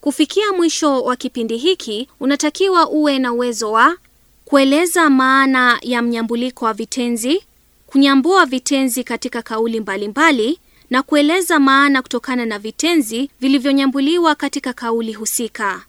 Kufikia mwisho wa kipindi hiki, unatakiwa uwe na uwezo wa kueleza maana ya mnyambuliko wa vitenzi, kunyambua vitenzi katika kauli mbalimbali mbali, na kueleza maana kutokana na vitenzi vilivyonyambuliwa katika kauli husika.